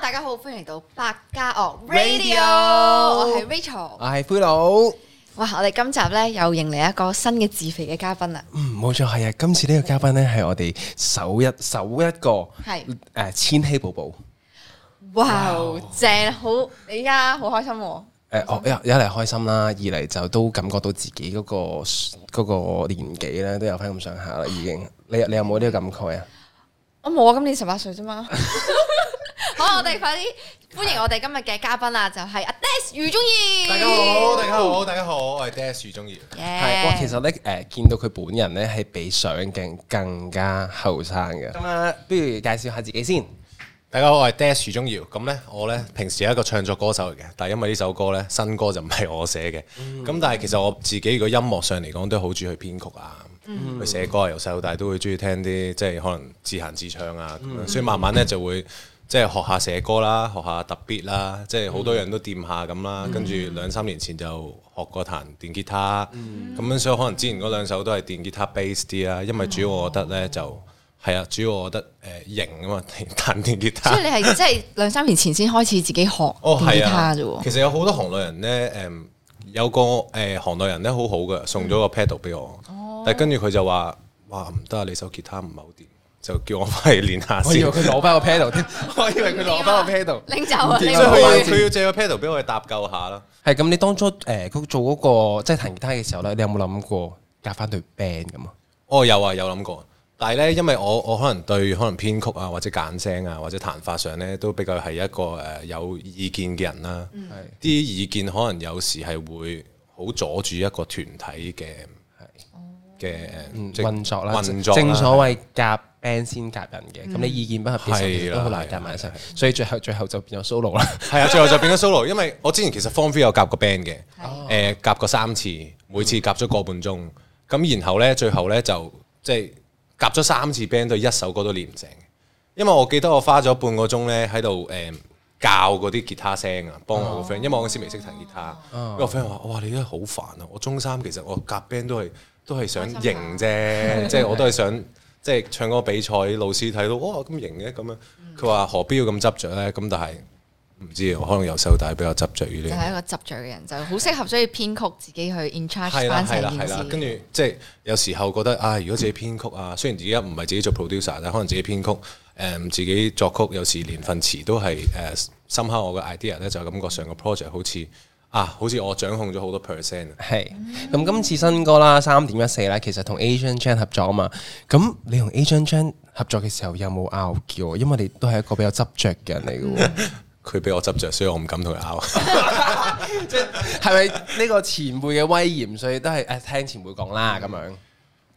大家好，歡迎嚟到百家樂 rad Radio，我係 Rachel，我係灰佬。哇！我哋今集咧又迎嚟一個新嘅自肥嘅嘉賓啦。嗯，冇錯係啊。今次呢個嘉賓咧係我哋首一首一個係誒是、啊、千禧寶寶。哇！哇正，好你依家好開心、啊。誒，我一一嚟開心啦、呃哦，二嚟就都感覺到自己嗰、嗰個、嗰個年紀咧都有翻咁上下啦，已經。你你有冇呢個感慨啊？哇我冇啊，今年十八歲啫嘛。 好，我哋快啲歡迎我哋今日嘅嘉賓啦，是就係阿 DEZ 余宗遙。大家好，大家好，大家好，我係 DEZ 余宗遙。係 Yeah.，哇，其實咧誒、呃，見到佢本人咧係比上鏡更加後生嘅。咁、嗯、啊，不如介紹下自己先。大家好，我係 DEZ 余宗遙。咁咧，我咧平時係一個唱作歌手嚟嘅，但係因為呢首歌咧新歌就唔係我寫嘅。咁、嗯、但係其實我自己嘅音樂上嚟講都好中意去編曲啊，嗯、去寫歌啊，由細到大都會中意聽啲即係可能自行自唱啊，咁樣、嗯，所以慢慢咧就會。即係學下寫歌啦，學下特別啦，即係好多人都掂下咁啦。跟住、嗯、兩三年前就學過彈電吉他，咁、嗯、樣所以可能之前嗰兩首都係電吉他 bass 啲啦。因為主要我覺得呢就係啊，主要我覺得誒、呃、型啊嘛， 彈電吉他。即係你係即係兩三年前先開始自己學電吉他啫喎。哦啊、 其實有好多行內人呢，誒、嗯、有個誒行內人呢，好好嘅，送咗個 pedal 俾我。哦、但係跟住佢就話：哇唔得啊，你首吉他唔係好。就叫我翻去練下先，佢攞翻個 paddle 添。我以為佢攞翻個 paddle 拎走啊！佢要借個 paddle 俾 pad 我去搭救下啦。係咁，你當初誒佢、呃、做嗰、那個即係、就是、彈吉他嘅時候咧，你有冇諗過夾翻對 band 咁啊？哦，有啊，有諗過。但係咧，因為我我可能對可能編曲啊，或者揀聲啊，或者彈法上咧，都比較係一個誒有意見嘅人啦、啊。啲、嗯、意見可能有時係會好阻住一個團體嘅係嘅誒運作啦。運作正所謂夾 band 先夾人嘅，咁你意見不合，變成都好難夾埋一齊。所以最後最後就變咗 solo 啦。係啊，最後就變咗 solo。因為我之前其實 form three 有夾過 band 嘅，誒夾過三次，每次夾咗個半鐘。咁然後咧，最後咧就即係夾咗三次 band 都一首歌都練唔成。因為我記得我花咗半個鐘咧喺度誒教嗰啲吉他聲啊，幫我個 friend，因為我嗰時未識彈吉他。個 friend 話：哇，你都好煩啊！我中三其實我夾 band 都係都係想型啫，即係我都係想。即係唱歌比賽，老師睇到哦，咁型嘅咁樣，佢話何必要咁執着呢？咁但係唔知，可能由細到大比較執着於呢。係一個執着嘅人，就好適合所以編曲自己去 in-charge 翻成件事。跟住即係有時候覺得啊，如果自己編曲啊，嗯、雖然自己唔係自己做 producer，但可能自己編曲、嗯，自己作曲，有時連份詞都係誒深刻我嘅 idea 呢，就感覺上個 project 好似。啊，好似我掌控咗好多 percent 啊！係，咁今次新歌啦，三點一四咧，其實同 Asian Gen 合作啊嘛。咁你同 Asian Gen 合作嘅時候有冇拗撬？因為你都係一個比較執着嘅人嚟嘅。佢俾 我執着，所以我唔敢同佢拗。 即係咪呢個前輩嘅威嚴，所以都係誒、啊、聽前輩講啦咁樣。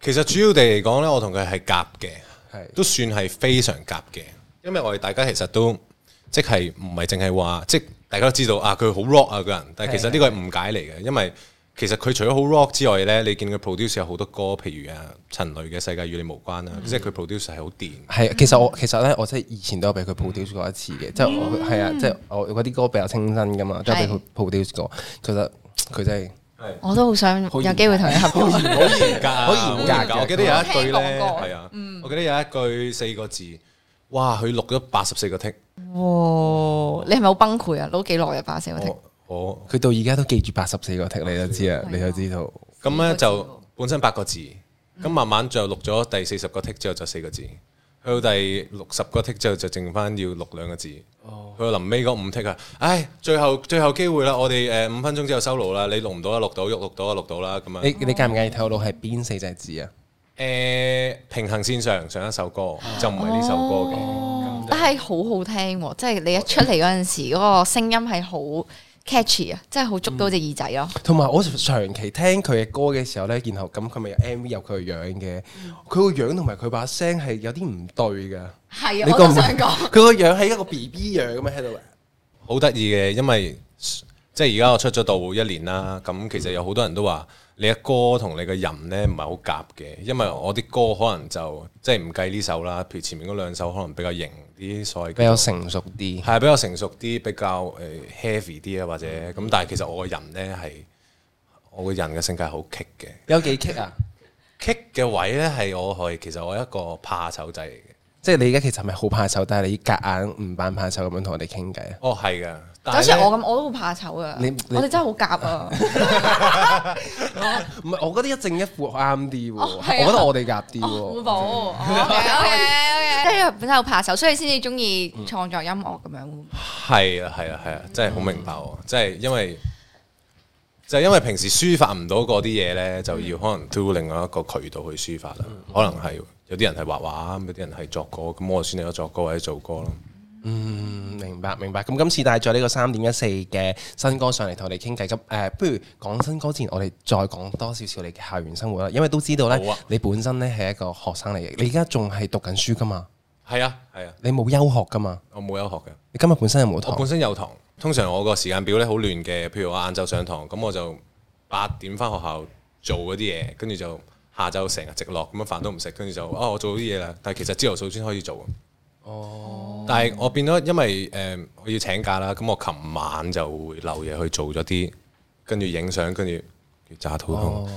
其實主要地嚟講咧，我同佢係夾嘅，係是都算係非常夾嘅，因為我哋大家其實都即係唔係淨係話即。大家都知道啊，佢好 rock 啊，個人，但係其實呢個係誤解嚟嘅，因為其實佢除咗好 rock 之外咧，你見佢 produce 有好多歌，譬如啊陳雷嘅《世界與你無關》啊。即係佢 produce 係好掂。係，其實我其實咧，我真係以前都有俾佢 produce 過一次嘅，即係我係啊，即係我嗰啲歌比較清新㗎嘛，都俾佢 produce 過。其實佢真係，我都好想有機會同你合作。好嚴格，好嚴格。我記得有一句咧，係啊，我記得有一句四個字。哇！佢錄咗八十四個剔，i、哦、你係咪好崩潰啊？錄幾耐啊？八十四個剔。佢到而家都記住八十四個剔，你都知啊，你都知道。咁咧、哦、就，就本身八個字，咁慢慢就錄咗第四十個剔之後就四個字，去到第六十個剔之後就剩翻要錄兩個字。去、哦、到臨尾嗰五剔 i 啊，唉，最後最後機會啦，我哋誒五分鐘之後收爐啦，你錄唔到啊，錄到喐，錄到啊，錄到啦，咁啊。樣你、哦、你介唔介意透露係邊四隻字啊？誒，平衡綫上上一首歌就唔係呢首歌嘅，噢的但係好好聽，即係你一出嚟嗰陣時，嗰、嗰個聲音係好 catchy 啊，即係好捉到隻耳仔咯。同埋我長期聽佢嘅歌嘅時候呢，然後咁佢咪有 M V 有佢嘅樣嘅，佢個樣同埋佢把聲係有啲唔對噶。係、啊，我想講，佢個 樣係一個 B B 樣咁樣喺度，好得意嘅，因為即係而家我出咗道一年啦，咁其實有好多人都話。你嘅歌同你嘅人咧唔係好夾嘅，因為我啲歌可能就即係唔計呢首啦，譬如前面嗰兩首可能比較型啲，所謂比較成熟啲，係比較成熟啲，比較誒 heavy 啲啊，或者咁。嗯、但係其實我個人咧係我個人嘅性格係好 kick 嘅。有幾 kick 啊？kick 嘅 位咧係我係其實我係一個怕醜仔嚟嘅。即係你而家其實係咪好怕醜？但係你隔硬唔扮怕醜咁樣同我哋傾偈哦，係噶。就好似我咁，我都會怕醜嘅。你我哋真係好夾啊！唔係，我覺得一正一負啱啲喎。我覺得我哋夾啲喎。互補。O K O K，即係本身好怕醜，所以先至中意創作音樂咁樣。係啊，係啊，係啊，真係好明白喎！即係因為，就係因為平時抒發唔到嗰啲嘢咧，就要可能 through 另外一個渠道去抒發啦。可能係有啲人係畫畫，有啲人係作歌，咁我先有作歌或者做歌咯。嗯，明白明白。咁今次帶咗呢個三點一四嘅新歌上嚟同你哋傾偈。咁、呃、誒，不如講新歌之前，我哋再講多少少你嘅校園生活啦。因為都知道呢，啊、你本身呢係一個學生嚟嘅，你而家仲係讀緊書噶嘛？係啊，係啊，你冇休學噶嘛？我冇休學嘅。你今日本，本身有冇堂？本身有堂。通常我個時間表呢好亂嘅。譬如我晏晝上堂，咁我就八點翻學校做嗰啲嘢，跟住就下晝成日直落，咁樣飯都唔食，跟住就啊、哦、我做到啲嘢啦。但係其實朝頭早先開始做。哦，但係我變咗，因為誒，我要請假啦，咁我琴晚就會留嘢去做咗啲，跟住影相，跟住炸肚痛。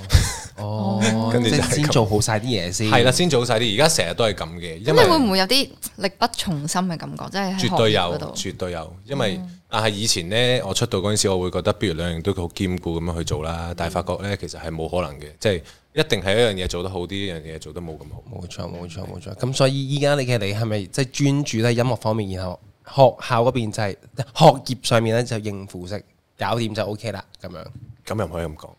哦，跟住、 哦、就先做好晒啲嘢先，係啦，先做好晒啲。而家成日都係咁嘅，因為你會唔會有啲力不從心嘅感覺？即係絕對有，絕對有。因為、嗯、但係以前呢，我出道嗰陣時，我會覺得不如兩樣都好兼顧咁樣去做啦。但係發覺呢，其實係冇可能嘅，即係。一定係一樣嘢做得好啲，一樣嘢做得冇咁好。冇錯，冇錯，冇錯。咁、嗯、所以依家你嘅，你係咪即係專注喺音樂方面，然後學校嗰邊就係、是、學業上面咧，就應付式搞掂就 OK 啦。咁樣咁又唔可以咁講。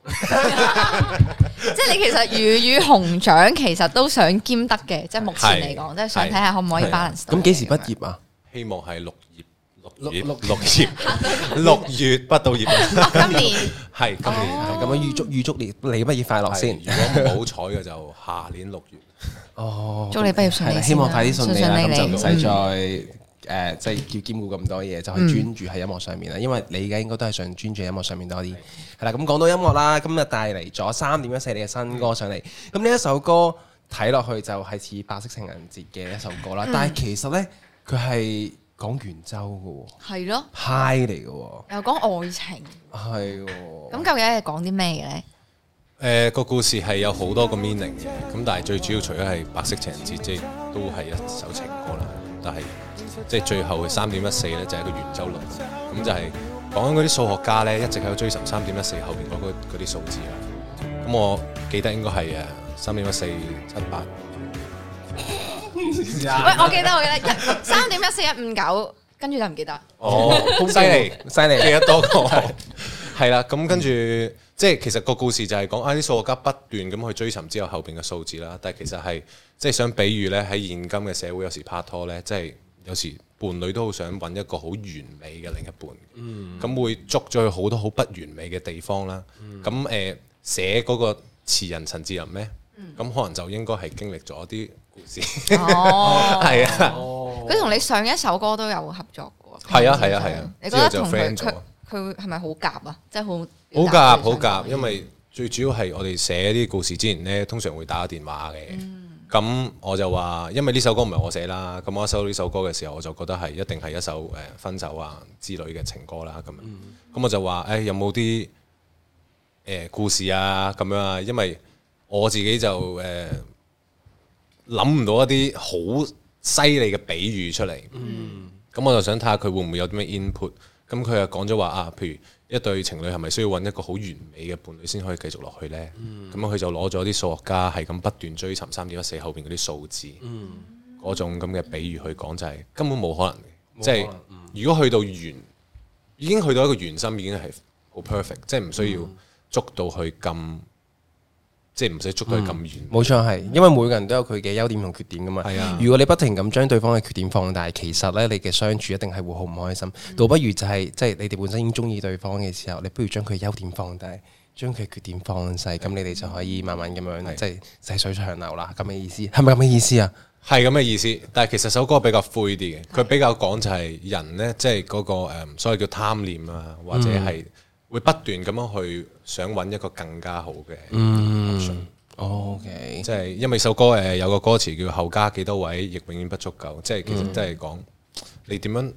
即係你其實魚與熊掌其實都想兼得嘅，即係目前嚟講， 即係想睇下可唔可以 balance 到的。咁幾、嗯、時畢業啊？希望係六。六六六月，六月不到，月今年係今年，咁樣預祝預祝你你畢業快樂先。如果唔好彩嘅就下年六月。哦，祝你畢業順利。希望快啲順利咁，就唔使再誒，即係要兼顧咁多嘢，就係專注喺音樂上面啦。因為你而家應該都係想專注喺音樂上面多啲。係啦，咁講到音樂啦，今日帶嚟咗三點一四你嘅新歌上嚟。咁呢一首歌睇落去就係似白色情人節嘅一首歌啦，但係其實咧佢係。講圓周嘅喎，係咯，pi 嚟嘅喎，哦、又講愛情，係喎、哦。咁究竟係講啲咩嘅咧？誒、呃，個故事係有好多個 meaning 嘅，咁但係最主要除咗係白色情人節，即係都係一首情歌啦。但係即係最後三點一四咧，就係一個圓周率，咁就係、係、講緊嗰啲數學家咧，一直喺度追尋三點一四後邊嗰個嗰啲數字啦。咁我記得應該係誒三點一四七八。 喂，我記得我記得三點一四一五九，1, 9, 跟住就唔記得。哦，犀利犀利，記得 多一個係啦。咁 跟住，嗯、即係其實個故事就係講啊，啲數學家不斷咁去追尋之後後邊嘅數字啦。但係其實係即係想比喻咧，喺現今嘅社會，有時拍拖咧，即、就、係、是、有時伴侶都好想揾一個好完美嘅另一半。嗯，咁會捉咗去好多好不完美嘅地方啦。咁誒、嗯，寫嗰、呃、個詞人陳志林咩？咁可能就應該係經歷咗啲故事，係啊，佢同你上一首歌都有合作過。係啊，係啊，係啊，你覺得同佢佢係咪好夾啊？即係好好夾，好夾。因為最主要係我哋寫啲故事之前呢，通常會打電話嘅。咁我就話，因為呢首歌唔係我寫啦，咁我收到呢首歌嘅時候，我就覺得係一定係一首誒分手啊之類嘅情歌啦。咁咁我就話，誒有冇啲誒故事啊咁樣啊？因為我自己就誒諗唔到一啲好犀利嘅比喻出嚟，咁、嗯、我就想睇下佢會唔會有啲咩 input。咁佢又講咗話啊，譬如一對情侶係咪需要揾一個好完美嘅伴侶先可以繼續落去呢？咁佢、嗯、就攞咗啲數學家係咁不斷追尋三點一四後邊嗰啲數字，嗰、嗯、種咁嘅比喻去講就係根本冇可，可能，即係如果去到圓，已經去到一個圓心已經係好 perfect，即係唔需要捉到去咁。即係唔使捉得咁遠。冇錯係，因為每個人都有佢嘅優點同缺點噶嘛。係是啊，如果你不停咁將對方嘅缺點放大，其實咧你嘅相處一定係會好唔開心。嗯、倒不如就係即係你哋本身已經中意對方嘅時候，你不如將佢優點放大，將佢缺點放細，咁是、啊、你哋就可以慢慢咁樣即係細水長流啦。咁嘅意思係咪咁嘅意思啊？係咁嘅意思，但係其實首歌比較灰啲嘅，佢比較講就係人咧，即係嗰個誒，所謂叫貪念啊，或者係。嗯會不斷咁樣去想揾一個更加好嘅 option，OK 即係，因為首歌誒有個歌詞叫後加幾多位亦永遠不足夠，即係其實真係講你點樣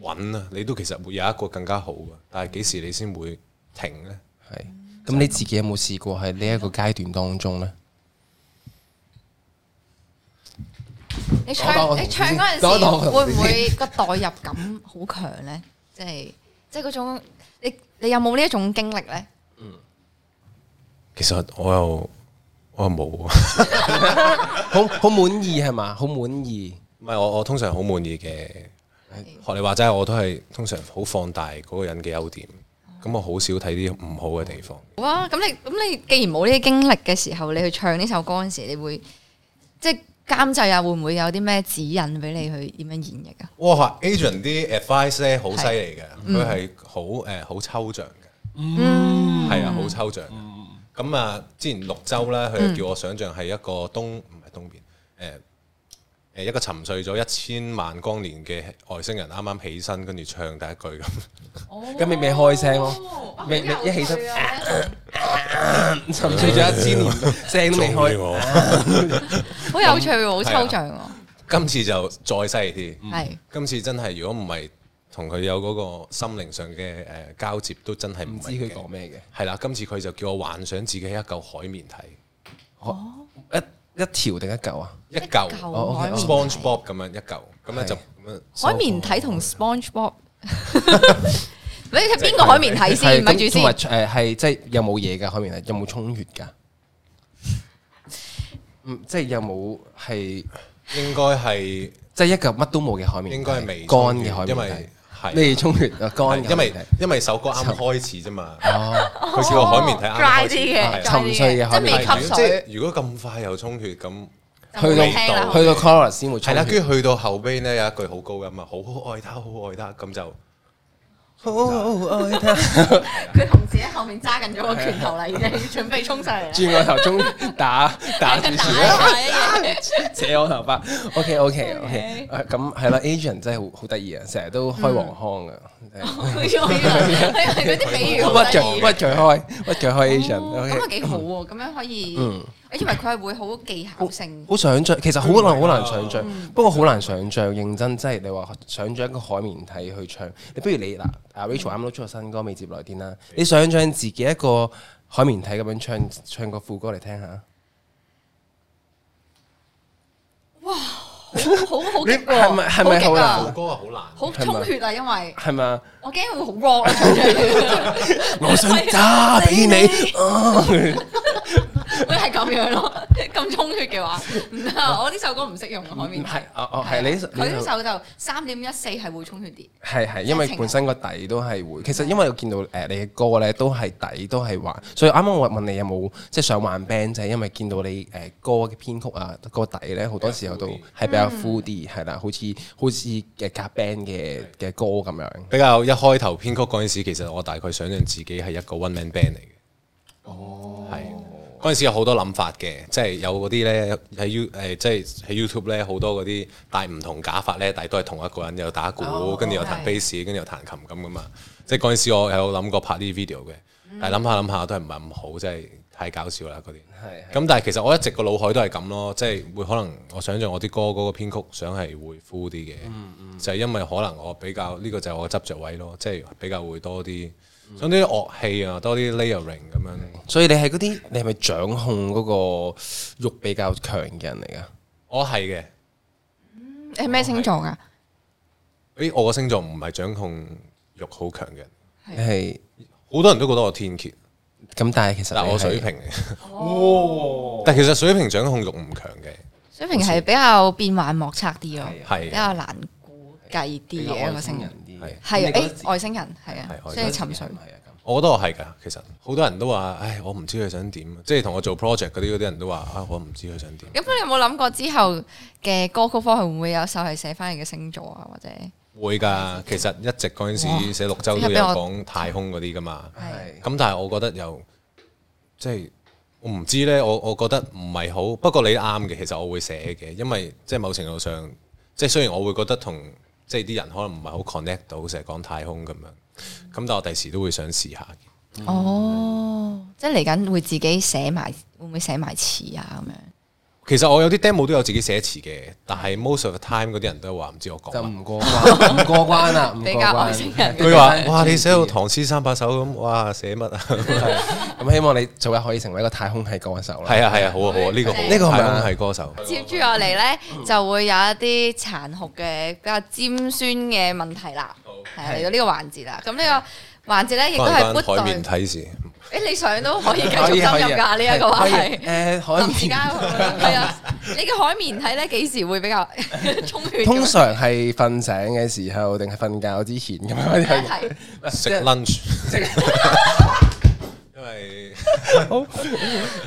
揾啊，你都其實會有一個更加好嘅，但係幾時你先會停呢？係，咁你自己有冇試過喺呢一個階段當中呢？你唱你唱嗰陣時會唔會個代入感好強呢？即係即係嗰種。你有冇呢一種經歷呢？其實我又我又冇， 好好滿意係嘛，好滿意。唔係我我通常好滿意嘅，學是你話齋，我都係通常好放大嗰個人嘅優點。咁我少好少睇啲唔好嘅地方。嗯、好啊，咁你咁你既然冇呢啲經歷嘅時候，你去唱呢首歌嗰時，你會即監製啊，會唔會有啲咩指引俾你去點樣演繹啊？哇，Adrian 啲 advice 咧，好犀利嘅，佢係好誒，好抽象嘅，嗯，係啊好抽象。嘅、嗯。咁啊、嗯，之前綠洲咧，佢叫我想象係一個東唔係、嗯、東邊誒。呃一個沉睡咗一千萬光年嘅外星人啱啱起身，跟住唱第一句咁，咁你未開聲咯，未一起身、啊啊，沉睡咗一千年聲都未開，好有趣，好抽象。啊、 今次就再犀利啲，係是、嗯、今次真係，如果唔係同佢有嗰個心靈上嘅誒交接，都真係唔知佢講咩嘅。係啦，今次佢就叫我幻想自己係一嚿海綿體，哦、oh？一條定一嚿啊？一嚿哦，SpongeBob 咁樣一嚿，咁咧就海綿體同 SpongeBob，你係邊個海綿體先？唔係住先？誒，係即係有冇嘢嘅海綿體？有冇充血噶？即係有冇係？應該係即係一嚿乜都冇嘅海綿體，應該係未乾嘅海綿體。未充血啊，乾因為對因為首歌啱開始啫嘛，佢似、哦、個海綿睇啱開始，哦、對沉睡嘅海綿。對如果咁是快又充血咁，去到，到去到 chorus 先會充血啦。跟住去到後邊咧有一句好高音啊，好好愛他，好愛他，咁就。好愛他，佢同自己後面揸緊咗個拳頭喇，已經準備衝上嚟。轉 我頭中打打住。 扯我頭髮。OK OK OK。咁係啦，Asian 真係好得意啊，成日都開黃腔。啊、嗯。嗯嗰 啲、啊、比喻好得意，屈再屈再開，開 action 咁幾好咁樣可以，我以為佢係會好技巧性，好想象，其實好難好、啊、難想象，嗯、不過好難想象，認真即係你話想象一個海綿體去唱，你不如你嗱，阿、 啊、Rachel 啱啱都出咗新歌，未接來電啦，你想象自己一個海綿體咁樣唱，唱個副歌嚟聽下。哇 你好好咪激喎，好激啊，啊！好充血嗎嗎啊，因為係嘛？我驚會好 rock，我想揸俾你會係咁樣咯，咁充血嘅話，我呢首歌唔識用海面。係，哦哦，係你。佢呢首就三點一四係會充血啲。係係，因為本身個底都係會，其實因為我見到誒你嘅歌咧，都係底都係話，所以啱啱我問你有冇即係想玩 band 就係因為見到你誒歌嘅編曲啊，個底咧好多時候都係比較 full 啲，係啦，好似好似嘅夾 band 嘅嘅歌咁樣。比較一開頭編曲嗰陣時，其實我大概想象自己係一個 one man band 嚟嘅。哦，係嗰陣時有好多諗法嘅，即係有嗰啲呢，喺 You 誒，即係喺 YouTube 呢，好多嗰啲戴唔同假髮呢，但係都係同一個人，又打鼓，跟住又彈 bass，跟住又彈琴咁咁嘛。即係嗰陣時我有諗過拍啲 video 嘅，嗯、但係諗下諗下都係唔係咁好，真、就、係、是、太搞笑啦嗰啲。咁的但係其實我一直個腦海都係咁咯，即係會可能我想象我啲歌嗰個編曲想係會 full 啲嘅，嗯嗯、就係因為可能我比較呢、呢個就係我執着位咯，即係比較會多啲。上啲樂器啊，多啲 layering 咁樣。所以你係嗰啲，你係咪掌控嗰個欲比較強嘅人嚟噶？我係嘅。你係咩星座噶？誒，我個星座唔係掌控欲好強嘅，係好多人都覺得我天蠍。咁但係其實我水瓶，但其實水瓶掌控欲唔強嘅。水瓶係比較變幻莫測啲咯，係比較難估計啲嘅一個星座。.係係，誒外星人係啊，所以沉睡。我覺得我係噶，其實好多人都話：唉，我唔知佢想點。嗯、即係同我做 project 嗰啲嗰啲人都話：嗯、啊，我唔知佢想點。咁你有冇諗過之後嘅歌曲方面會唔會有首係寫翻嚟嘅星座啊，或者？會㗎，其實一直嗰陣時寫六周都有講太空嗰啲㗎嘛。係。咁但係我覺得又即係我唔知咧。我呢我，我覺得唔係好。不過你啱嘅，其實我會寫嘅，因為即係某程度上，即係雖然我會覺得同。即係啲人可能唔係好 connect 到，成日講太空咁樣，咁、嗯、但我第時都會想試下、嗯、對 哦，即係嚟緊會自己寫埋，會唔會寫埋詞啊咁樣？其實我有啲 demo 都有自己寫詞嘅，但係 most of the time 嗰啲人都話唔知我講。就唔過關，唔過關啊，唔過關。佢話：哇，你寫到唐詩三百首咁，哇，寫乜啊？咁希望你早日可以成為一個太空系歌手。係啊，係啊，好啊，好啊，呢個呢個太空系歌手。接住落嚟咧，就會有一啲殘酷嘅比較尖酸嘅問題啦。好，係嚟到呢個環節啦。咁呢個環節咧，亦都係海面睇視。誒你上都可以繼續深入㗎呢一個話題，誒可以。突然之間，係啊，你嘅海綿體咧幾時會比較充血？通常係瞓醒嘅時候，定係瞓覺之前咁樣。食 lunch，因為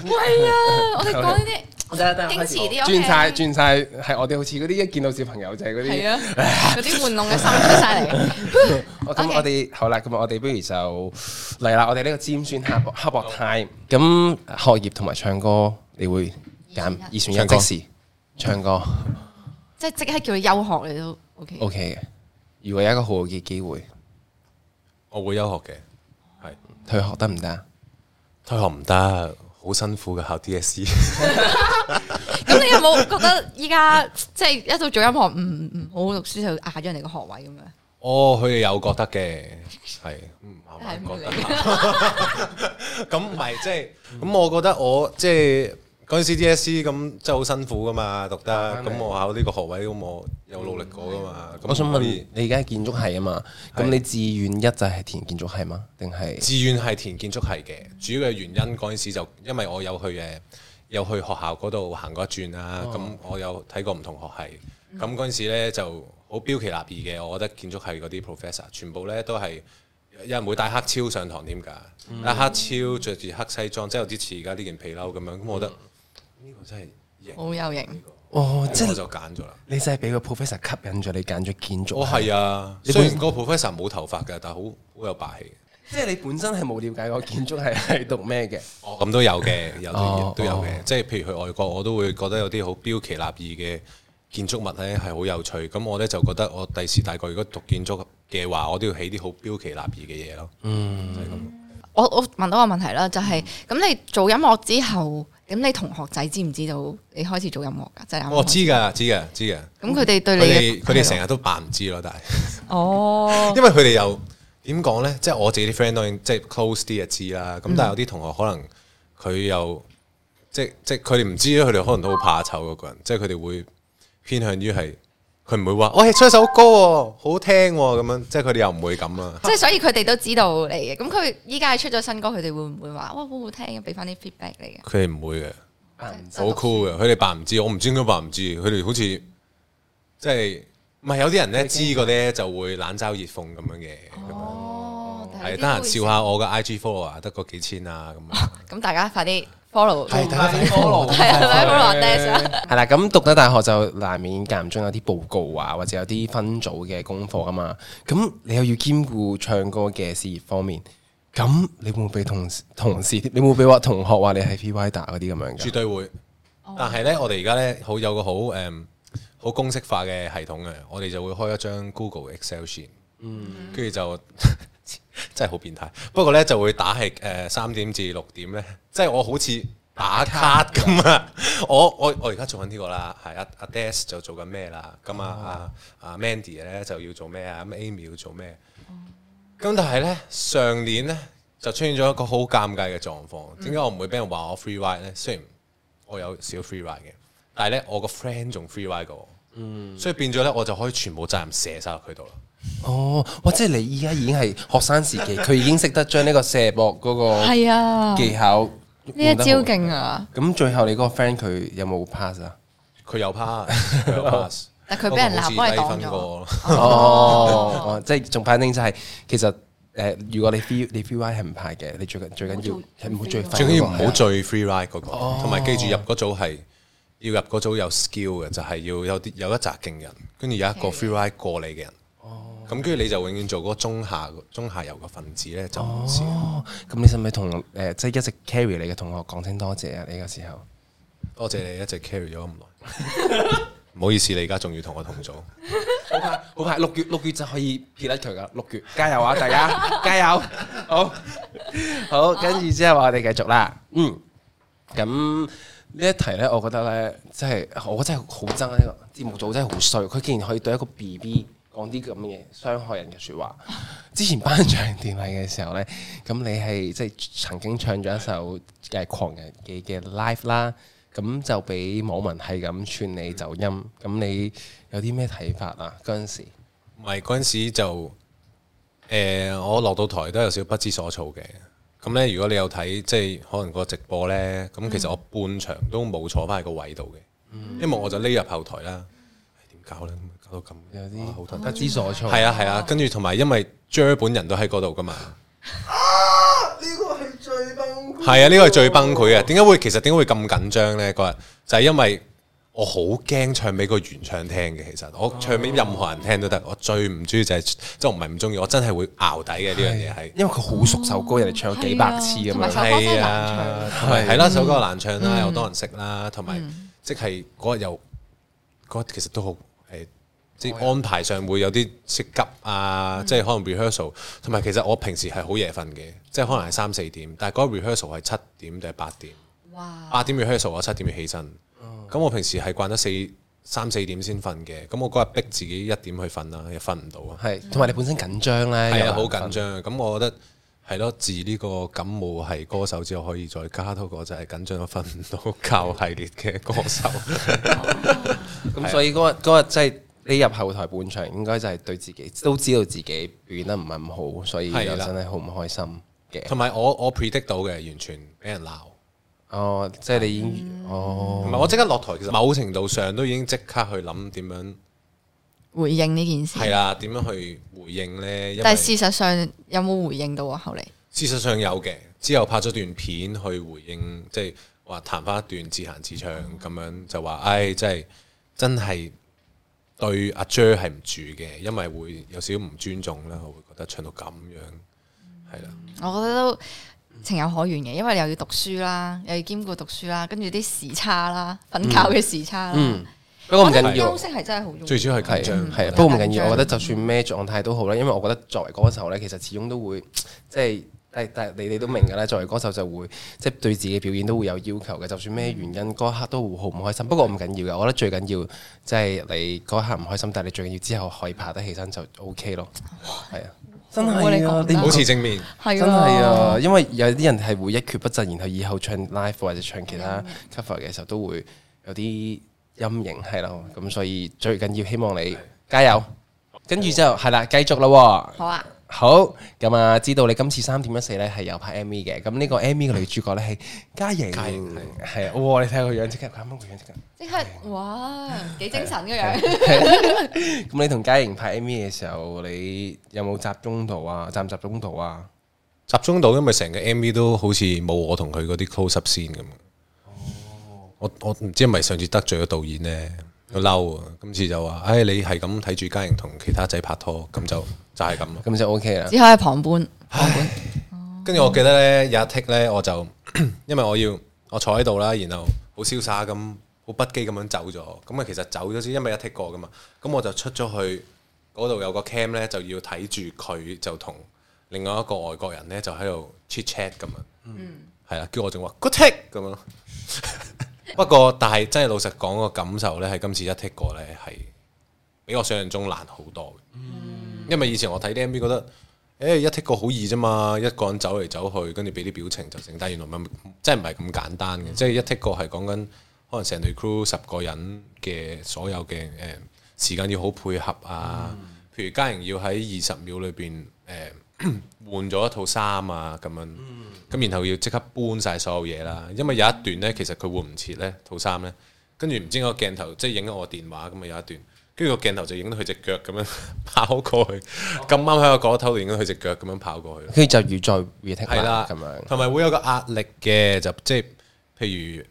喂啊，我哋講呢啲。矜持啲，轉晒轉晒，係我哋好似嗰啲一見到小朋友就係嗰啲，有啲玩弄嘅心出晒嚟。咁我哋好啦，咁我哋不如就嚟啦。我哋呢個尖酸刻刻薄態，咁學業同埋唱歌，你會揀二選一，即時唱歌，即係即刻叫佢休學你都 OK。OK 嘅，如果有一個好好嘅機會，我會休學嘅，係退學得唔得？退學唔得。好辛苦嘅考 DSE，咁你有冇覺得依家即係一到做音樂，唔唔好好讀書就壓咗人哋個學位咁樣？哦，佢哋有覺得嘅，係嗯， 係覺得。咁唔係，即係咁， 嗯、是是我覺得我即係。嗰陣時 DSE 咁真係好辛苦噶嘛讀得，咁、嗯、我考呢個學位我有努力過噶嘛。嗯、樣我想問你而家建築系啊嘛，咁你志願一就係填建築系嘛？定係志願係填建築系嘅，主要嘅原因嗰陣時就因為我有去誒，有去學校嗰度行過一轉啦、啊。咁、哦、我有睇過唔同學係，咁嗰陣時咧就好標奇立異嘅。我覺得建築系嗰啲 professor 全部呢都係有人會戴黑超上堂添㗎？嗯、戴黑超着住黑西裝，真係有啲似而家呢件皮褸咁樣。咁我覺得、嗯。呢個真係好有型，這個這個、我哦！即係就揀咗啦，你真係俾個 professor 吸引咗你揀咗建築。我係、哦、啊，雖然個 professor 冇頭髮嘅，但係好好有霸氣。即係你本身係冇 了解個建築系係讀咩嘅？哦，咁都有嘅，有、哦、都有嘅。哦、即係譬如去外國，我都會覺得有啲好標奇立異嘅建築物咧，係好有趣。咁我咧就覺得我第時大概如果讀建築嘅話，我都要起啲好標奇立異嘅嘢咯。嗯，我我問到個問題啦，就係、是、咁你做音樂之後。咁你同學仔知唔知道你開始做音樂㗎？即係我知㗎，知㗎，知㗎。咁佢哋對你，佢哋成日都扮唔知咯，但係。哦。因為佢哋又點講咧？即係我自己啲 friend 當然即係 close 啲就知啦。咁但係有啲同學可能佢又、嗯、即即佢哋唔知咧。佢哋可能都好怕醜嗰個人，即係佢哋會偏向於係。佢唔會話，我、哎、係出一首歌，好聽咁、哦、樣，即係佢哋又唔會咁啊！即係 所以佢哋都知道你嘅，咁佢依家出咗新歌，佢哋會唔會話哇好好聽啊？俾翻啲 feedback 你嘅？佢哋唔會嘅，好 cool 嘅，佢哋扮唔知，我唔知佢扮唔知，佢哋好似、嗯、即係唔係有啲人咧知嘅咧就會冷嘲熱諷咁樣嘅。哦，係得閒笑下我嘅 IG follow 啊，得個幾千啊咁。咁大家快啲！follow 係大家 f 係啊係啦。咁 讀得大學就難免間唔中有啲報告啊，或者有啲分組嘅功課噶嘛。咁你又要兼顧唱歌嘅事業方面，咁你會唔會俾同同事，你會唔會俾話同學話你係 P i 達嗰啲咁樣噶？絕對會。但係咧，我哋而家咧好有個好誒，好、um, 公式化嘅系統嘅，我哋就會開一張 Google Excel sheet, s 跟住、嗯、就。 真係好變態，不過呢就會打係誒三點至六點呢，即係我好似打卡咁 啊！我我我而家做緊呢個啦，係阿阿 DEZ 就做緊咩啦，咁啊阿阿、啊啊、Mandy 呢就要做咩啊，咁 Amy 要做咩？咁、嗯、但係呢，上年呢就出現咗一個好尷尬嘅狀況，點解我唔會俾人話我 free ride 呢？雖然我有少 free ride 嘅，但係呢我個 friend 仲 free ride 過我，嗯、所以變咗呢我就可以全部責任射晒落佢度啦。哦，哇！即係你依家已經係學生時期，佢已經識得將呢個射博嗰個技巧，呢一招勁啊！咁最後你嗰個 friend 佢有冇 pass 啊？佢有 pass，但係佢俾人鬧咗，擋咗。哦，即係仲反正就係其實誒，如果你 free 你 free ride 係唔派嘅，你最緊最緊要係唔好，最最緊要唔好最 free ride 嗰個，同埋記住入嗰組係要入嗰組有 skill 嘅，就係要有啲有一紮勁人，跟住有一個 free ride 過嚟嘅人。咁跟住你就永遠做嗰個中下中下游嘅分子咧，就唔知。咁、哦、你使唔使同誒即係一直 carry 你嘅同學講聲多謝啊？呢個時候多謝你一直 carry 咗咁耐。唔 好意思，你而家仲要同我同組。好 快，好快，六月六月就可以撇甩佢啦。六月加油啊，大家加油！好好，跟住好之後我哋繼續啦。嗯，咁呢一題咧，我覺得咧，即係我真係好憎呢個節目組真係好衰，佢竟然可以對一個 BB。講啲咁嘅傷害人嘅說話，啊、之前頒獎典禮嘅時候呢，咁你係即係曾經唱咗一首嘅狂人嘅嘅 live 啦，咁就俾網民係咁串你走音，咁、嗯、你有啲咩睇法啊？嗰陣時，唔係嗰陣時就，誒、呃，我落到台都有少不知所措嘅，咁呢，如果你有睇即係可能個直播呢，咁其實我半場都冇坐翻喺個位度嘅，嗯、因為我就匿入後台啦，點、哎、搞呢？有啲好不知所措，係啊係啊，跟住同埋因為 Joey 本人都喺嗰度噶嘛，啊呢個係最崩潰，係啊呢個係最崩潰啊！點解會其實點解會咁緊張呢？嗰日就係因為我好驚唱俾個原唱聽嘅，其實我唱俾任何人聽都得。我最唔中意就係，即係唔係唔中意，我真係會咬底嘅呢樣嘢係，因為佢好熟首歌，人哋唱咗幾百次咁樣，係啊，係啦，首歌難唱啦，又多人識啦，同埋即係嗰日又嗰日其實都好。啲安排上會有啲急啊，即係可能 rehearsal，同埋其實我平時係好夜瞓嘅，即係可能係三四點，但係嗰個 rehearsal 係七點定係八點，八點 rehearsal 我七點要起身，咁我平時係慣咗四三四點先瞓嘅，咁我嗰日逼自己一點去瞓啦，又瞓唔到啊，係，同埋你本身緊張咧，係啊，好緊張，咁我覺得係咯，自呢個感冒係歌手之後，可以再加多個就係緊張到瞓唔到覺系列嘅歌手，咁所以嗰日嗰日真係～你入後台半場，應該就係對自己都知道自己變得唔係咁好，所以真係好唔開心嘅。同埋我我 predict 到嘅，完全俾人鬧。哦，即係你已經、嗯、哦，唔係我即刻落台，其實某程度上都已經即刻去諗點樣回應呢件事。係啦，點樣去回應呢？但係事實上有冇回應到啊？後嚟事實上有嘅，之後拍咗段片去回應，即、就、係、是、話談翻一段自彈自唱咁樣就、哎，就話、是、唉，真係真係。對阿 j o 係唔住嘅，因為會有少少唔尊重啦，我會覺得唱到咁樣係啦。我覺得都情有可原嘅，因為你又要讀書啦，又要兼顧讀書啦，跟住啲時差啦，瞓覺嘅時差啦。嗯嗯，不過我休息係真係好重要，對最主要係緊張係，不過唔緊要。緊，我覺得就算咩狀態都好啦，因為我覺得作為歌手咧，其實始終都會即係。但但你哋都明㗎啦，作為歌手就會即係、就是、對自己表演都會有要求嘅。就算咩原因，嗰刻都會好唔開心。不過唔緊要嘅，我覺得最緊要即係你嗰刻唔開心，但係你最緊要之後可以爬得起身就 O、OK、K 咯。係哇啊，真係啊，保持正面，啊、真係啊。因為有啲人係會一蹶不振，然後以後唱 live 或者唱其他 cover 嘅時候都會有啲陰影係啦。咁、啊、所以最緊要希望你加油，跟住之後係啦，繼續啦。好啊。好咁啊！知道你今次三點一四咧係有拍 M V 嘅，咁呢個 M V 嘅女主角咧係嘉瑩，係哇！你睇下佢樣即刻，佢啱啱個樣即刻，即刻哇！幾精神嘅樣。咁你同嘉瑩拍 M V 嘅時候，你有冇集中度啊？集唔集中度啊？集中度，因為成個 M V 都好似冇我同佢嗰啲 close up 先咁。哦，我我唔知係咪上次得罪咗導演咧，好嬲啊！今次就話，哎，你係咁睇住嘉瑩同其他仔拍拖，咁就。就係咁，咁就 OK 啦。只可以旁觀，跟住唉邊我記得呢，有一 take 呢，我就、嗯、因為我要我坐喺度啦，然後好瀟灑咁，好不羈咁樣走咗。咁啊，其實走咗先，因為一 take 過噶嘛。咁我就出咗去嗰度，有個 cam 呢，就要睇住佢，就同另外一個外國人呢，就喺度 chat chat 咁啊。嗯，係啦，叫我仲話 good take 咁咯。樣 不過，但係真係老實講，個感受呢，喺今次一 take 過咧，係比我想象中難好多嘅。嗯因為以前我睇啲 MV 覺得，誒、哎、一 take 過好易啫嘛，一個人走嚟走去，跟住俾啲表情就剩低。原來唔，真係唔係咁簡單嘅。嗯、即係一 take 過係講緊可能成隊 crew 十個人嘅所有嘅誒、呃、時間要好配合啊，嗯、譬如嘉瑩要喺二十秒裏邊誒換咗一套衫啊咁樣，咁、嗯、然後要即刻搬晒所有嘢啦。因為有一段呢，其實佢換唔切呢套衫呢，跟住唔知嗰個鏡頭即係影緊我電話咁啊有一段。跟住個鏡頭就影到佢隻腳咁樣跑過去，咁啱喺個角頭，影到佢隻腳咁樣跑過去。跟住就如再 retake，係啦咁樣，同埋會有個壓力嘅，就即係譬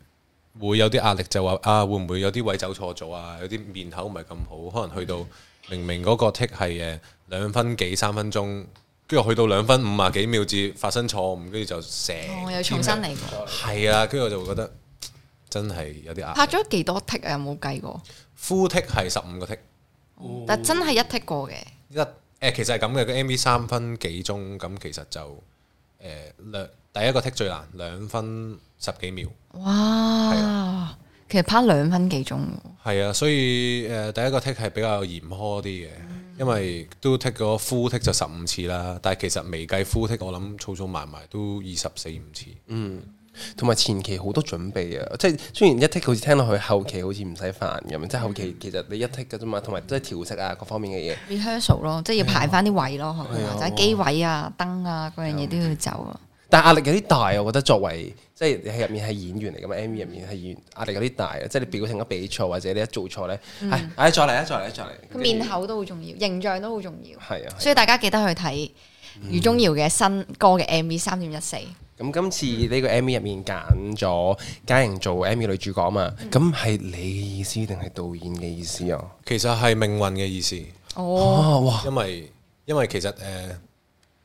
如會有啲壓力就，就話啊，會唔會有啲位走錯咗啊？有啲面口唔係咁好，可能去到明明嗰個 tick 係兩分幾三分鐘，跟住去到兩分五啊幾秒至發生錯誤，跟住就成、哦、我又重新嚟過，係啊，跟住我就會覺得真係有啲壓力。拍咗幾多 tick 啊？有冇計過？呼剔係十五個剔，oh, 但真係一剔過嘅。一誒、呃，其實係咁嘅，個 MV 三分幾鐘，咁其實就誒兩、呃、第一個剔最難，兩分十幾秒。哇！啊、其實拍兩分幾鐘。係啊，所以誒、呃、第一個剔係比較嚴苛啲嘅，嗯、因為都剔咗呼剔就十五次啦，但係其實未計呼剔，我諗儲儲埋埋都二十四五次。嗯。同埋前期好多準備啊，即係雖然一 take 好似聽落去，後期好似唔使煩咁樣，即係後期其實你一 take 㗎啫嘛，同埋即係調色啊各方面嘅嘢。rehearsal 咯，即係要排翻啲位咯，就係機位啊、燈啊嗰樣嘢都要走啊、嗯。但係壓力有啲大，我覺得作為即係入面係演員嚟嘅嘛 MV 入面係演員，壓力有啲大啊。即係你表情一俾錯或者你一做錯咧，係唉、嗯哎、再嚟啊再嚟啊再嚟！再面口都好重要，形象都好重要。係啊，啊所以大家記得去睇余宗遙嘅新歌嘅 MV、嗯《三點一四》。咁今次呢個 MV 入面揀咗嘉瑩做 MV 女主角啊嘛，咁係、嗯、你嘅意思定係導演嘅意思啊？其實係命運嘅意思哦，哦哇，因為因為其實誒、呃，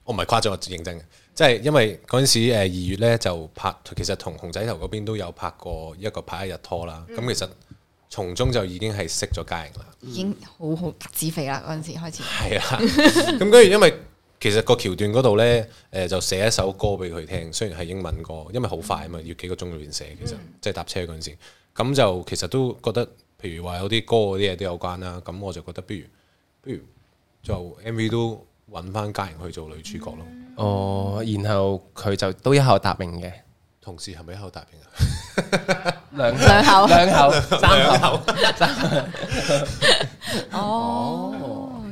我唔係誇張，我認真即係因為嗰陣時誒二月咧就拍，其實同熊仔頭嗰邊都有拍過一個拍一日拖啦。咁、嗯、其實從中就已經係識咗嘉瑩啦，已經好好搭紙飛啦。嗰陣時開始係啊，咁跟住因為。其實個橋段嗰度呢，誒、呃、就寫一首歌俾佢聽，雖然係英文歌，因為好快啊嘛，要幾個鐘裡面寫。其實即係搭車嗰陣時，咁就其實都覺得，譬如話有啲歌嗰啲嘢都有關啦。咁我就覺得，不如不如就 MV 都揾翻家人去做女主角咯。哦，然後佢就都一口答應嘅，同事係咪一口答應啊？兩兩口，兩口，三口，三口。哦。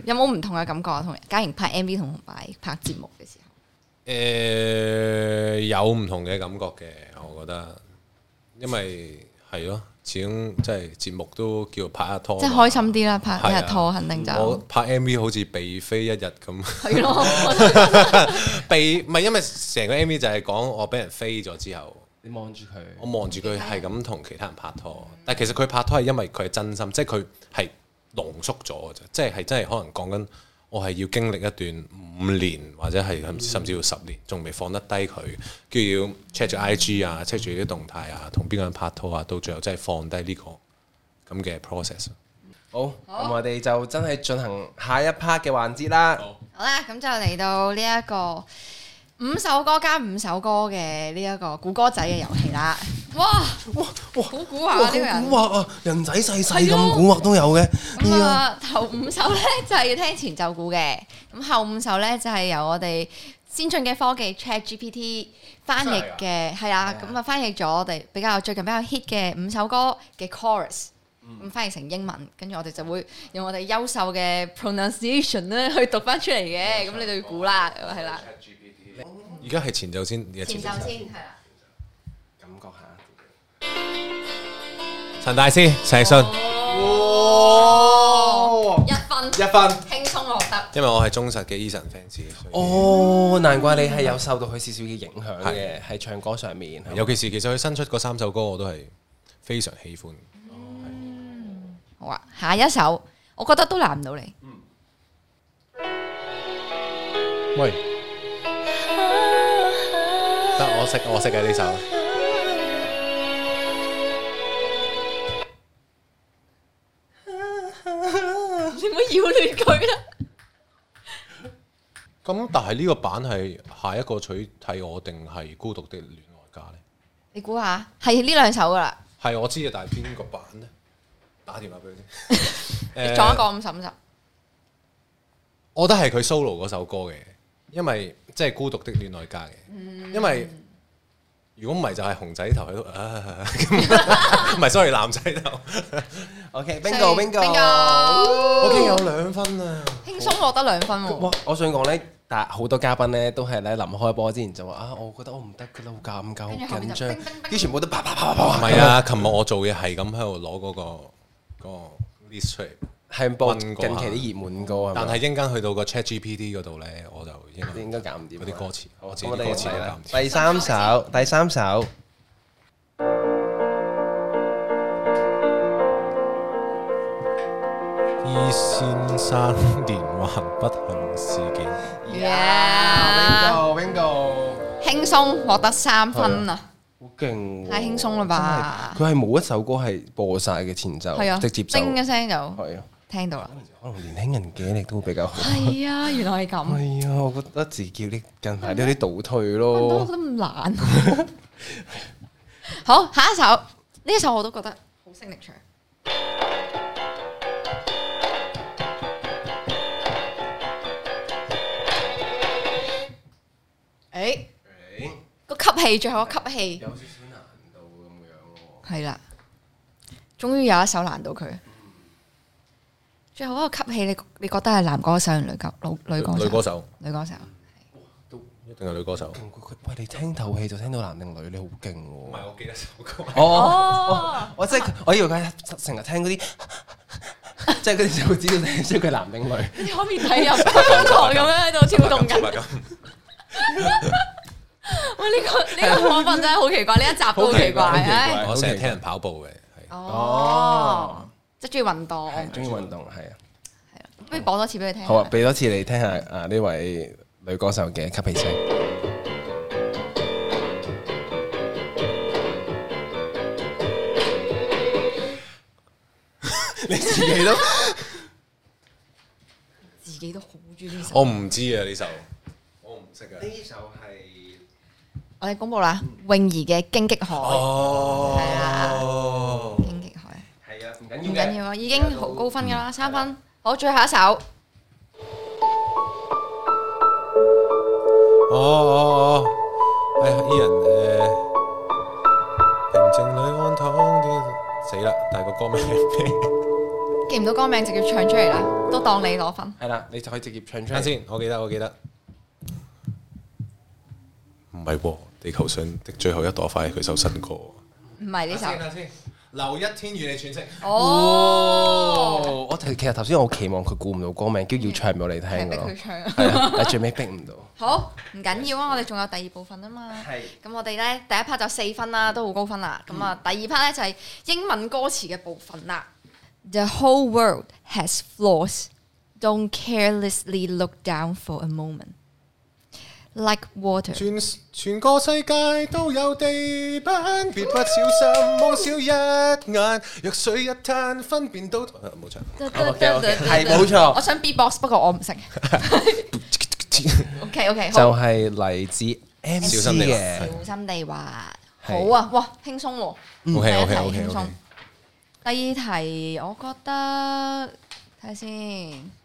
有冇唔同嘅感覺啊？同嘉瑩拍 MV 同埋拍節目嘅時候，誒、呃，有唔同嘅感覺嘅，我覺得，因為係咯，始終即係節目都叫拍一拖，即係開心啲啦，拍一日拖的肯定就。我拍 MV 好似被飛一日咁，係咯的， 被唔係因為成個 MV 就係講我俾人飛咗之後，你望住佢，我望住佢係咁同其他人拍拖，的但其實佢拍拖係因為佢係真心，即係佢係。濃縮咗嘅啫，即係，真係可能講緊，我係要經歷一段五年，或者係甚至甚至要十年，仲未放得低佢，跟住要 check 住 IG 啊，check 住啲動態啊，同邊個人拍拖啊，到最後真係放低呢個咁嘅 process。好，咁我哋就真係進行下一 part 嘅環節啦。好啦，咁就嚟到呢一個五首歌加五首歌嘅呢一個古歌仔嘅遊戲啦。哇哇哇！好古惑啊！呢個人古惑啊，人仔細細咁古惑都有嘅。咁啊，頭五首咧就係要聽前奏鼓嘅，咁後五首咧就係由我哋先進嘅科技 Chat GPT 翻譯嘅，係啊，咁啊翻譯咗我哋比較最近比較 hit 嘅五首歌嘅 chorus，咁翻譯成英文，跟住我哋就會用我哋優秀嘅 pronunciation 咧去讀翻出嚟嘅，咁你就要估啦，係啦。Chat GPT，而家係前奏先，前奏先係陳大師陳奕迅，哇，一分一分輕鬆攞得，因為我係忠實嘅 Eason fans。哦，難怪你係有受到佢少少嘅影響嘅喺唱歌上面，尤其是其實佢新出嗰三首歌我都係非常喜歡。好啊，下一首我覺得都難唔到你。喂，得我識我識嘅呢首。咁但係呢個版係下一個取替我定係孤獨的戀愛家呢？你估下，係呢兩首噶啦？係我知啊，但係邊個版呢？打電話俾佢先。你撞一個五十五十？我覺得係佢 solo 嗰首歌嘅，因為即係孤獨的戀愛家嘅。因為如果唔係就係熊仔頭喺度啊，唔係 sorry 男仔頭。OK Bingo Bingo，我已經有兩分啊，輕鬆獲得兩分。哇！我想講咧。但好多嘉賓咧都係咧臨開波之前就話啊，我覺得我唔得，佢都好尷尬，好緊張，啲全部都啪啪啪啪啪。唔係啊，琴日我做嘢係咁喺度攞嗰個嗰 list s h a p 播近期啲熱門歌。但係一陣間去到個 Chat GPT 嗰度咧，我就應應該搞唔掂。啲歌詞，我自己歌詞咧第三首，第三首。二先生連環不幸事件，Yeah，Wingo，Wingo，輕鬆獲得三分啊，好勁，哦，太輕鬆啦吧？佢係冇一首歌係播晒嘅前奏，係啊，直接叮一聲就係啊，聽到啦。可能年輕人記憶力都比較好。係啊，原來係咁。係啊，我覺得自節啲近排都有啲倒退咯。我都覺得咁懶。 好，下一首呢首我都覺得好聲力強。誒，個吸氣，最後個吸氣，有少少難度咁樣喎。係啦，終於有一首難到佢。最後嗰個吸氣，你你覺得係男歌手定女歌？女女歌手。女歌手。都一定係女歌手。喂，你聽透氣就聽到男定女，你好勁喎。唔係，我記得哦，我即係我以為佢成日聽嗰啲，即係嗰啲就會知道你係一個男定女。你可唔可以睇入舞台咁樣喺度跳動緊？喂，呢個呢個播放真係好奇怪，呢一集好奇怪。我成日聽人跑步嘅。係哦，即係中意運動，中意運動係啊，係啊，不如講多次俾你聽。好啊，俾多次你聽下啊，呢位女歌手嘅吸氣聲。你自己都自己都好中意，我唔知啊呢首。呢首係我哋公布啦，泳兒嘅《荊棘海》，係啊，《荊棘海》係啊，唔緊要，唔緊要啊，已經好高分噶啦，三分。好，最後一首。哦哦哦！哎呀，呢人誒，平靜裏安躺的，死啦！但係個歌名記唔到歌名，直接唱出嚟啦，都當你攞分。係啦，你就可以直接唱出嚟先。我記得，我記得。唔係喎，地球上的最後一朵花係佢首新歌。唔係呢首。先，留一天與你喘息。哦，我其實頭先我期望佢估唔到歌名，Okay. 叫要唱俾我哋聽。 逼佢唱，係但最尾逼唔到。好，唔緊要啊，Yes. 我哋仲有第二部分啊嘛。係 Yes.。咁我哋咧第一 part 就四分啦，都好高分啦。咁啊，第二 part 咧就係英文歌詞嘅部分啦。The whole world has flaws, don't carelessly look down for a moment. Like water，全全個世界都有地板，別不小心望少一眼，若水一嘆，分辨都冇錯，係冇錯。我想 B box，不過我唔識。OK OK，就係嚟自 M C 嘅小心地滑。好啊，哇，輕鬆喎。好輕，好輕，好輕。第二題，我覺得睇下先。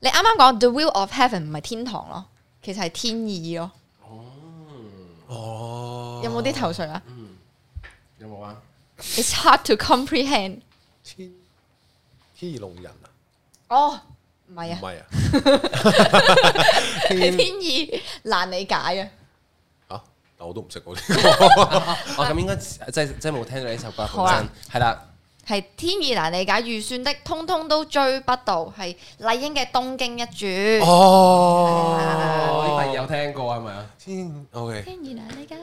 你啱啱講 The Will of Heaven 唔係天堂咯，其實係天意咯。哦，有冇啲頭緒啊？有冇啊？It's hard to comprehend。天，天意弄人啊？哦，唔係啊，唔係啊，天意難理解啊？啊，我都唔識講呢個，啊咁應該真係真係冇聽到呢首歌，好啊，係啦。係天,、oh, 嗯、天意難理解，預算的通通都追不到。係麗英嘅《東京一轉》哦，啲朋友聽過係咪？天，O K。天意難理解，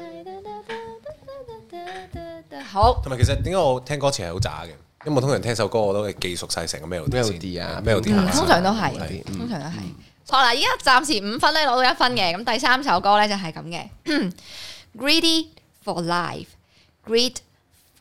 好。同埋其實點解我聽歌詞係好渣嘅？因為我通常聽首歌我都記熟晒成個 melody。melody 啊，melody 啊，啊 mel 通常都係，嗯、通常都係。嗯、都好啦，依家暫時五分咧，攞到一分嘅。咁第三首歌咧就係咁嘅，Greedy for Life，Greedy。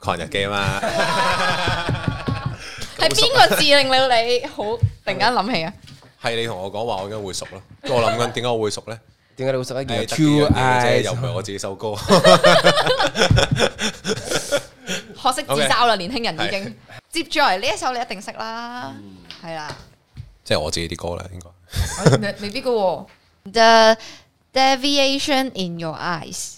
看日記啊嘛，係邊個字令到你好突然間諗起啊？係你同我講話，我而家會熟咯。我諗緊點解我會熟咧？點解你會熟？一嘢，即係又唔係我自己首歌，學識指招啦！年輕人已經接住嚟呢一首，你一定識啦，係啦。即係我自己啲歌啦，應該未必㗎。The Deviation in Your Eyes。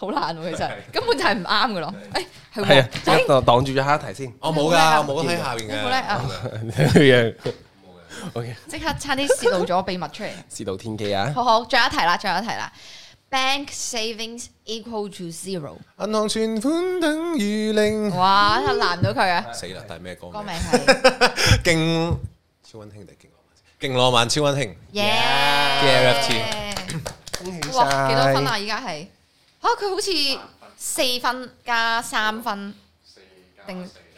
好難其實，根本就係唔啱嘅咯。誒，係啊，擋住咗下一題先。我冇噶，我冇睇下邊嘅。好叻啊！冇嘅，O K。即刻差啲泄露咗秘密出嚟。泄露天機啊！好好，再一題啦，再一題啦。Bank savings equal to zero。銀行存款等於零。哇，難唔到佢啊！死啦！但係咩歌？歌名係？勁超溫馨，定勁勁浪漫超溫馨。Yeah。嘅 RFT。恭喜晒！幾多分啊？依家係？嚇佢好似四分加三分，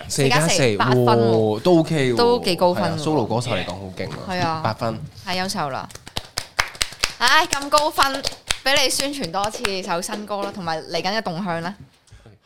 四加四八分喎，都 OK 喎，都幾高分喎。Solo 歌手嚟講好勁喎，係啊，八分太優秀啦。唉，咁高分俾你宣傳多次首新歌啦，同埋嚟緊嘅動向咧。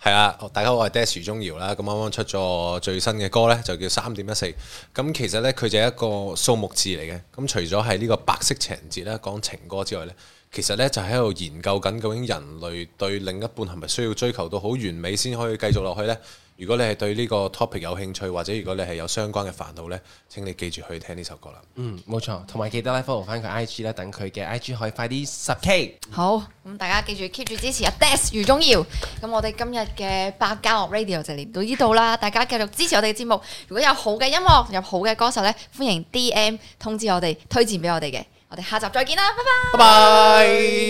係啊，大家好，我係 DEZ 余宗遙啦。咁啱啱出咗最新嘅歌咧，就叫三點一四。咁其實咧，佢就係一個數目字嚟嘅。咁除咗係呢個白色情節咧，講情歌之外咧。其實咧，就喺度研究緊究竟人類對另一半係咪需要追求到好完美先可以繼續落去呢？如果你係對呢個 topic 有興趣，或者如果你係有相關嘅煩惱呢，請你記住去聽呢首歌啦。嗯，冇錯，同埋記得 follow 翻佢 IG 啦，等佢嘅 IG 可以快啲十 K。好，咁大家記住 keep 住支持阿 DEZ 余宗遙。咁我哋今日嘅百家樂 radio 就嚟到呢度啦，大家繼續支持我哋嘅節目。如果有好嘅音樂，有好嘅歌手呢，歡迎 DM 通知我哋推薦俾我哋嘅。我哋下集再見啦，拜拜。Bye bye!